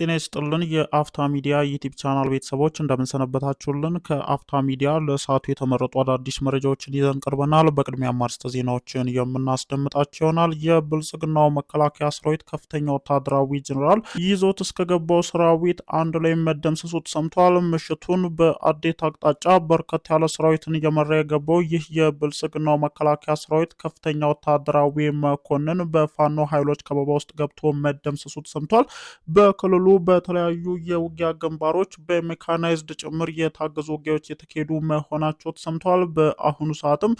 ጤና ይስጥልን የአፍታ ሚዲያ ዩቲብ ቻናል ቤተሰቦች እንደምንሰነበታችሁልን። ከአፍታ ሚዲያ ለሰዓቱ የተመረጡ አዳዲስ መረጃዎችን ይዘን ቀርበናል። በቅድሚያ ማርስተ ዜናዎችን የምናስደምጣቸው ይሆናል። የብልጽግናው መከላከያ ሰራዊት ከፍተኛ ወታደራዊ ጀኔራል ይዞት እስከገባው ሰራዊት አንድ ላይ መደምሰሱ ተሰምቷል። ምሽቱን በአዴት አቅጣጫ በርከት ያለ ሰራዊትን እየመራ የገባው ይህ የብልጽግናው መከላከያ ሰራዊት ከፍተኛ ወታደራዊ መኮንን በፋኖ ኃይሎች ከበባ ውስጥ ገብቶ መደምሰሱ ተሰምቷል። በክልሉ በተለያዩ የውጊያ ግንባሮች በሜካናይዝድ ጭምር የታገዙ ውጊያዎች የተካሄዱ መሆናቸው ተሰምተዋል። በአሁኑ ሰዓትም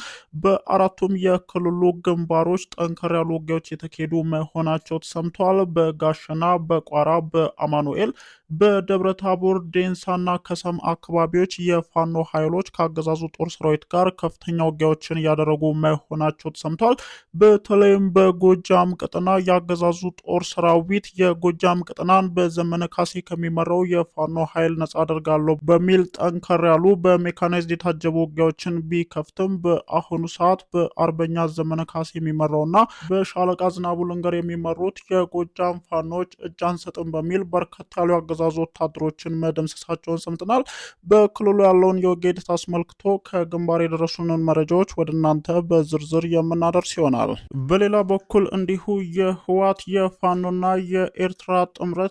በአራቱም የክልሉ ግንባሮች ጠንከር ያሉ ውጊያዎች የተካሄዱ መሆናቸው ተሰምተዋል። በጋሸና፣ በቋራ፣ በአማኑኤል፣ በደብረ ታቦር፣ ዴንሳና ከሰም አካባቢዎች የፋኖ ኃይሎች ከአገዛዙ ጦር ሰራዊት ጋር ከፍተኛ ውጊያዎችን ያደረጉ መሆናቸው ተሰምተዋል። በተለይም በጎጃም ቅጥና የአገዛዙ ጦር ሰራዊት የጎጃም ቅጥናን በዘ ዘመነ ካሴ ከሚመራው የፋኖ ኃይል ነጻ አደርጋለሁ በሚል ጠንከር ያሉ በሜካናይዝድ የታጀቡ ውጊያዎችን ቢከፍትም በአሁኑ ሰዓት በአርበኛ ዘመነ ካሴ የሚመራውና በሻለቃ ዝናቡ ልንገር የሚመሩት የጎጃም ፋኖች እጅ አንሰጥም በሚል በርከት ያሉ አገዛዙ ወታደሮችን መደምሰሳቸውን ሰምተናል። በክልሉ ያለውን የውጊያ ሂደት አስመልክቶ ከግንባር የደረሱንን መረጃዎች ወደ እናንተ በዝርዝር የምናደርስ ይሆናል። በሌላ በኩል እንዲሁ የህዋት የፋኖና የኤርትራ ጥምረት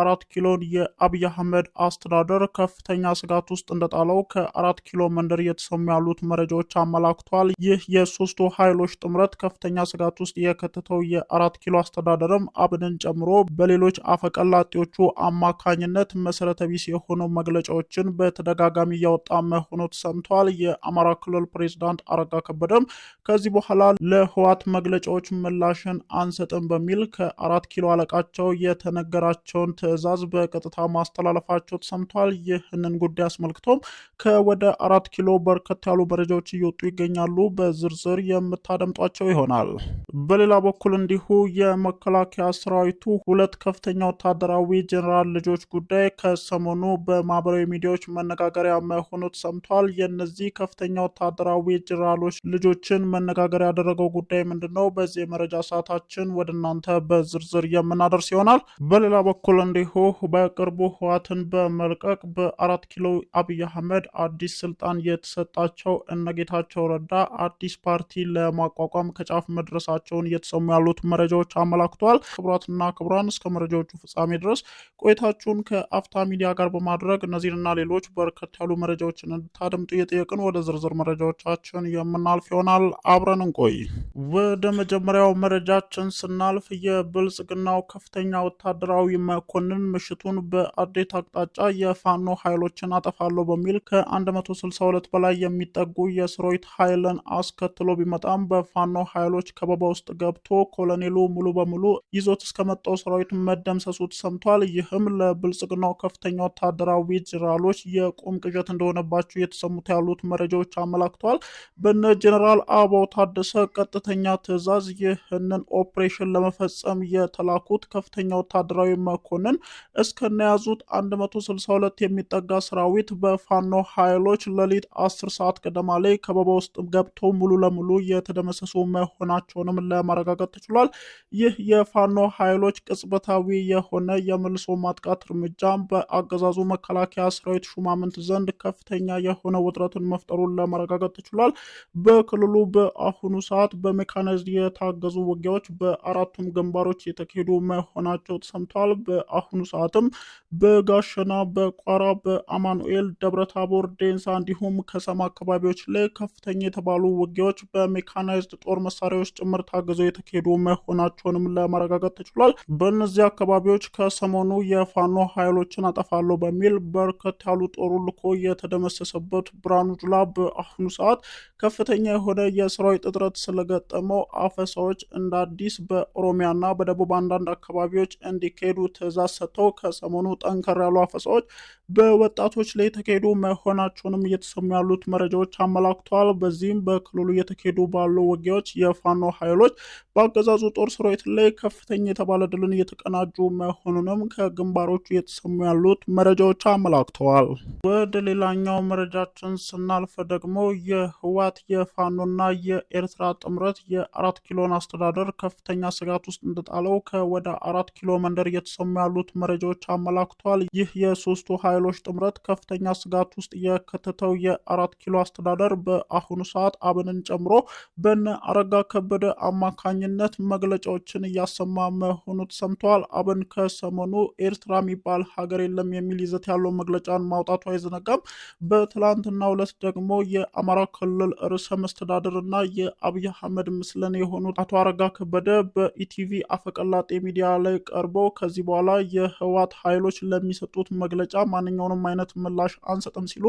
አራት ኪሎን የአብይ አህመድ አስተዳደር ከፍተኛ ስጋት ውስጥ እንደጣለው ከአራት ኪሎ መንደር እየተሰሙ ያሉት መረጃዎች አመላክቷል። ይህ የሶስቱ ኃይሎች ጥምረት ከፍተኛ ስጋት ውስጥ የከተተው የአራት ኪሎ አስተዳደርም አብንን ጨምሮ በሌሎች አፈቀላጤዎቹ አማካኝነት መሰረተ ቢስ የሆኑ መግለጫዎችን በተደጋጋሚ እያወጣ መሆኑ ተሰምቷል። የአማራ ክልል ፕሬዚዳንት አረጋ ከበደም ከዚህ በኋላ ለህዋት መግለጫዎች ምላሽን አንሰጥም በሚል ከአራት ኪሎ አለቃቸው የተነገራቸውን ትዕዛዝ በቀጥታ ማስተላለፋቸው ተሰምቷል። ይህንን ጉዳይ አስመልክቶም ከወደ አራት ኪሎ በርከት ያሉ መረጃዎች እየወጡ ይገኛሉ። በዝርዝር የምታደምጧቸው ይሆናል። በሌላ በኩል እንዲሁ የመከላከያ ሰራዊቱ ሁለት ከፍተኛ ወታደራዊ ጀኔራል ልጆች ጉዳይ ከሰሞኑ በማህበራዊ ሚዲያዎች መነጋገሪያ መሆኑ ተሰምቷል። የነዚህ ከፍተኛ ወታደራዊ ጀኔራሎች ልጆችን መነጋገር ያደረገው ጉዳይ ምንድን ነው? በዚህ የመረጃ ሰዓታችን ወደ እናንተ በዝርዝር የምናደርስ ይሆናል። በሌላ በኩል እንዲሁ በቅርቡ ህዋትን በመልቀቅ በአራት ኪሎ አብይ አህመድ አዲስ ስልጣን የተሰጣቸው እነጌታቸው ረዳ አዲስ ፓርቲ ለማቋቋም ከጫፍ መድረሳቸውን እየተሰሙ ያሉት መረጃዎች አመላክቷል። ክቡራትና ክቡራን እስከ መረጃዎቹ ፍጻሜ ድረስ ቆይታችሁን ከአፍታ ሚዲያ ጋር በማድረግ እነዚህንና ሌሎች በርከት ያሉ መረጃዎችን እንድታደምጡ እየጠየቅን ወደ ዝርዝር መረጃዎቻችን የምናልፍ ይሆናል። አብረን እንቆይ። ወደ መጀመሪያው መረጃችን ስናልፍ የብልጽግናው ከፍተኛ ወታደራዊ መ መኮንን ምሽቱን በአዴት አቅጣጫ የፋኖ ኃይሎችን አጠፋለሁ በሚል ከ162 በላይ የሚጠጉ የስሮይት ኃይልን አስከትሎ ቢመጣም በፋኖ ኃይሎች ከበባ ውስጥ ገብቶ ኮሎኔሉ ሙሉ በሙሉ ይዞት እስከመጣው ስራዊት መደምሰሱ ተሰምቷል። ይህም ለብልጽግናው ከፍተኛ ወታደራዊ ጀነራሎች የቁም ቅዠት እንደሆነባቸው እየተሰሙት ያሉት መረጃዎች አመላክቷል። በነ ጄኔራል አበባው ታደሰ ቀጥተኛ ትዕዛዝ ይህንን ኦፕሬሽን ለመፈጸም የተላኩት ከፍተኛ ወታደራዊ መኮንን መኮንን እስከነያዙት 162 የሚጠጋ ሰራዊት በፋኖ ኃይሎች ሌሊት 10 ሰዓት ገደማ ላይ ከበባ ውስጥ ገብቶ ሙሉ ለሙሉ የተደመሰሱ መሆናቸውንም ለማረጋገጥ ተችሏል። ይህ የፋኖ ኃይሎች ቅጽበታዊ የሆነ የመልሶ ማጥቃት እርምጃ በአገዛዙ መከላከያ ሰራዊት ሹማምንት ዘንድ ከፍተኛ የሆነ ውጥረትን መፍጠሩን ለማረጋገጥ ተችሏል። በክልሉ በአሁኑ ሰዓት በሜካናይዝድ የታገዙ ውጊያዎች በአራቱም ግንባሮች የተካሄዱ መሆናቸው ተሰምተል በአሁኑ ሰዓትም በጋሸና፣ በቋራ፣ በአማኑኤል፣ ደብረታቦር፣ ዴንሳ እንዲሁም ከሰማ አካባቢዎች ላይ ከፍተኛ የተባሉ ውጊያዎች በሜካናይዝድ ጦር መሳሪያዎች ጭምር ታግዘው የተካሄዱ መሆናቸውንም ለማረጋገጥ ተችሏል። በእነዚህ አካባቢዎች ከሰሞኑ የፋኖ ኃይሎችን አጠፋለሁ በሚል በርከት ያሉ ጦሩ ልኮ የተደመሰሰበት ብርሃኑ ጁላ በአሁኑ ሰዓት ከፍተኛ የሆነ የሰራዊት እጥረት ስለገጠመው አፈሳዎች እንደ አዲስ በኦሮሚያና በደቡብ አንዳንድ አካባቢዎች እንዲካሄዱ ትዕዛዝ ትእዛዝ ሰጥተው ከሰሞኑ ጠንከር ያሉ አፈሳዎች በወጣቶች ላይ የተካሄዱ መሆናቸውንም እየተሰሙ ያሉት መረጃዎች አመላክተዋል። በዚህም በክልሉ እየተካሄዱ ባሉ ውጊያዎች የፋኖ ኃይሎች በአገዛዙ ጦር ሰራዊት ላይ ከፍተኛ የተባለ ድልን እየተቀናጁ መሆኑንም ከግንባሮቹ እየተሰሙ ያሉት መረጃዎች አመላክተዋል። ወደ ሌላኛው መረጃችን ስናልፍ ደግሞ የህዋት የፋኖና የኤርትራ ጥምረት የአራት ኪሎን አስተዳደር ከፍተኛ ስጋት ውስጥ እንደጣለው ከወደ አራት ኪሎ መንደር እየተሰሙ ያሉ ያሉት መረጃዎች አመላክቷል። ይህ የሶስቱ ኃይሎች ጥምረት ከፍተኛ ስጋት ውስጥ የከተተው የአራት ኪሎ አስተዳደር በአሁኑ ሰዓት አብንን ጨምሮ በነ አረጋ ከበደ አማካኝነት መግለጫዎችን እያሰማ መሆኑ ተሰምተዋል። አብን ከሰሞኑ ኤርትራ የሚባል ሀገር የለም የሚል ይዘት ያለው መግለጫን ማውጣቱ አይዘነጋም። በትላንትናው ዕለት ደግሞ የአማራ ክልል ርዕሰ መስተዳደር እና የአብይ አህመድ ምስልን የሆኑት አቶ አረጋ ከበደ በኢቲቪ አፈቀላጤ ሚዲያ ላይ ቀርበው ከዚህ በኋላ የህወሓት ኃይሎች ለሚሰጡት መግለጫ ማንኛውንም አይነት ምላሽ አንሰጥም ሲሉ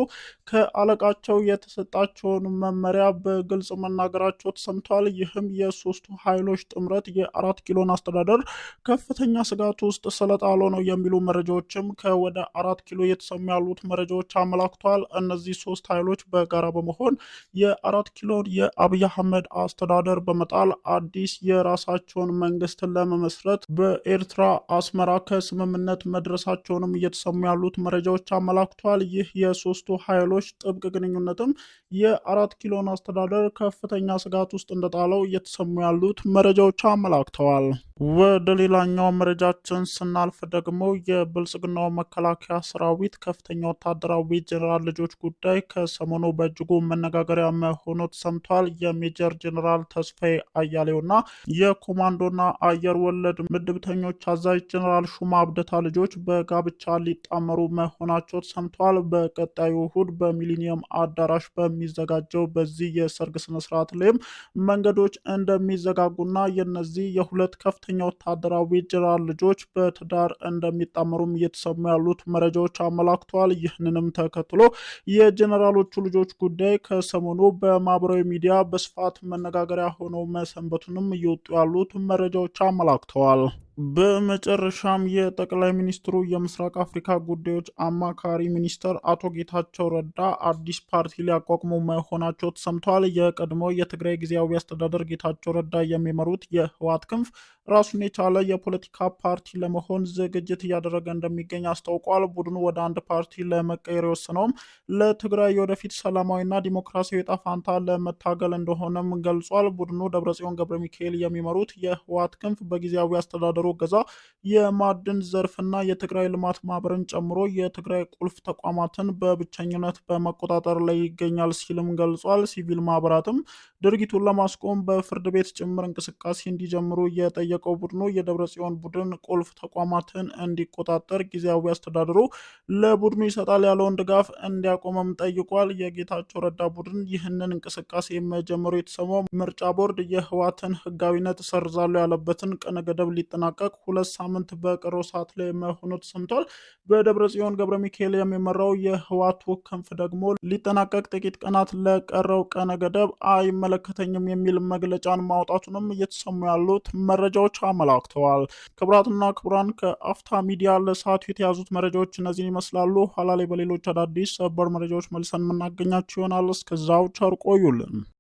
ከአለቃቸው የተሰጣቸውን መመሪያ በግልጽ መናገራቸው ተሰምቷል። ይህም የሶስቱ ኃይሎች ጥምረት የአራት ኪሎን አስተዳደር ከፍተኛ ስጋት ውስጥ ስለጣለ ነው የሚሉ መረጃዎችም ከወደ አራት ኪሎ የተሰሙ ያሉት መረጃዎች አመላክቷል። እነዚህ ሶስት ኃይሎች በጋራ በመሆን የአራት ኪሎን የአብይ አህመድ አስተዳደር በመጣል አዲስ የራሳቸውን መንግስት ለመመስረት በኤርትራ አስመራ ከ ስምምነት መድረሳቸውንም እየተሰሙ ያሉት መረጃዎች አመላክቷል። ይህ የሶስቱ ኃይሎች ጥብቅ ግንኙነትም የአራት ኪሎን አስተዳደር ከፍተኛ ስጋት ውስጥ እንደጣለው እየተሰሙ ያሉት መረጃዎች አመላክተዋል። ወደ ሌላኛው መረጃችን ስናልፍ ደግሞ የብልጽግናው መከላከያ ሰራዊት ከፍተኛ ወታደራዊ ጀኔራል ልጆች ጉዳይ ከሰሞኑ በእጅጉ መነጋገሪያ መሆኑ ተሰምቷል። የሜጀር ጀኔራል ተስፋዬ አያሌውና የኮማንዶና አየር ወለድ ምድብተኞች አዛዥ ጀኔራል ሹማ ማብደታ ልጆች በጋብቻ ሊጣመሩ መሆናቸው ተሰምተዋል። በቀጣዩ እሁድ በሚሊኒየም አዳራሽ በሚዘጋጀው በዚህ የሰርግ ስነስርዓት ላይም መንገዶች እንደሚዘጋጉና የነዚህ የሁለት ከፍተኛ ወታደራዊ ጀነራል ልጆች በትዳር እንደሚጣመሩም እየተሰሙ ያሉት መረጃዎች አመላክተዋል። ይህንንም ተከትሎ የጀነራሎቹ ልጆች ጉዳይ ከሰሞኑ በማህበራዊ ሚዲያ በስፋት መነጋገሪያ ሆነው መሰንበቱንም እየወጡ ያሉት መረጃዎች አመላክተዋል። በመጨረሻም የጠቅላይ ሚኒስትሩ የምስራቅ አፍሪካ ጉዳዮች አማካሪ ሚኒስተር አቶ ጌታቸው ረዳ አዲስ ፓርቲ ሊያቋቁሙ መሆናቸው ተሰምተዋል። የቀድሞ የትግራይ ጊዜያዊ አስተዳደር ጌታቸው ረዳ የሚመሩት የህወሓት ክንፍ ራሱን የቻለ የፖለቲካ ፓርቲ ለመሆን ዝግጅት እያደረገ እንደሚገኝ አስታውቋል። ቡድኑ ወደ አንድ ፓርቲ ለመቀየር የወሰነውም ለትግራይ የወደፊት ሰላማዊና ዲሞክራሲያዊ ዕጣ ፈንታ ለመታገል እንደሆነም ገልጿል። ቡድኑ ደብረጽዮን ገብረ ሚካኤል የሚመሩት የህወሓት ክንፍ በጊዜያዊ አስተዳደሩ ገዛ እገዛ የማዕድን ዘርፍና የትግራይ ልማት ማህበርን ጨምሮ የትግራይ ቁልፍ ተቋማትን በብቸኝነት በመቆጣጠር ላይ ይገኛል ሲልም ገልጿል። ሲቪል ማህበራትም ድርጊቱን ለማስቆም በፍርድ ቤት ጭምር እንቅስቃሴ እንዲጀምሩ የጠየቀው ቡድኑ የደብረ ጽዮን ቡድን ቁልፍ ተቋማትን እንዲቆጣጠር ጊዜያዊ አስተዳደሩ ለቡድኑ ይሰጣል ያለውን ድጋፍ እንዲያቆመም ጠይቋል። የጌታቸው ረዳ ቡድን ይህንን እንቅስቃሴ መጀመሩ የተሰማው ምርጫ ቦርድ የህዋትን ህጋዊነት ሰርዛሉ ያለበትን ቀነ ገደብ ሊጠናቀ ሊጠናቀቅ ሁለት ሳምንት በቀረው ሰዓት ላይ መሆኑ ተሰምቷል። በደብረ ጽዮን ገብረ ሚካኤል የሚመራው የህዋቱ ክንፍ ደግሞ ሊጠናቀቅ ጥቂት ቀናት ለቀረው ቀነ ገደብ አይመለከተኝም የሚል መግለጫን ማውጣቱንም እየተሰሙ ያሉት መረጃዎች አመላክተዋል። ክቡራትና ክቡራን ከአፍታ ሚዲያ ለሰዓቱ የተያዙት መረጃዎች እነዚህን ይመስላሉ። ኋላ ላይ በሌሎች አዳዲስ ሰበር መረጃዎች መልሰን የምናገኛቸው ይሆናል። እስከዛው ቸር ቆዩልን።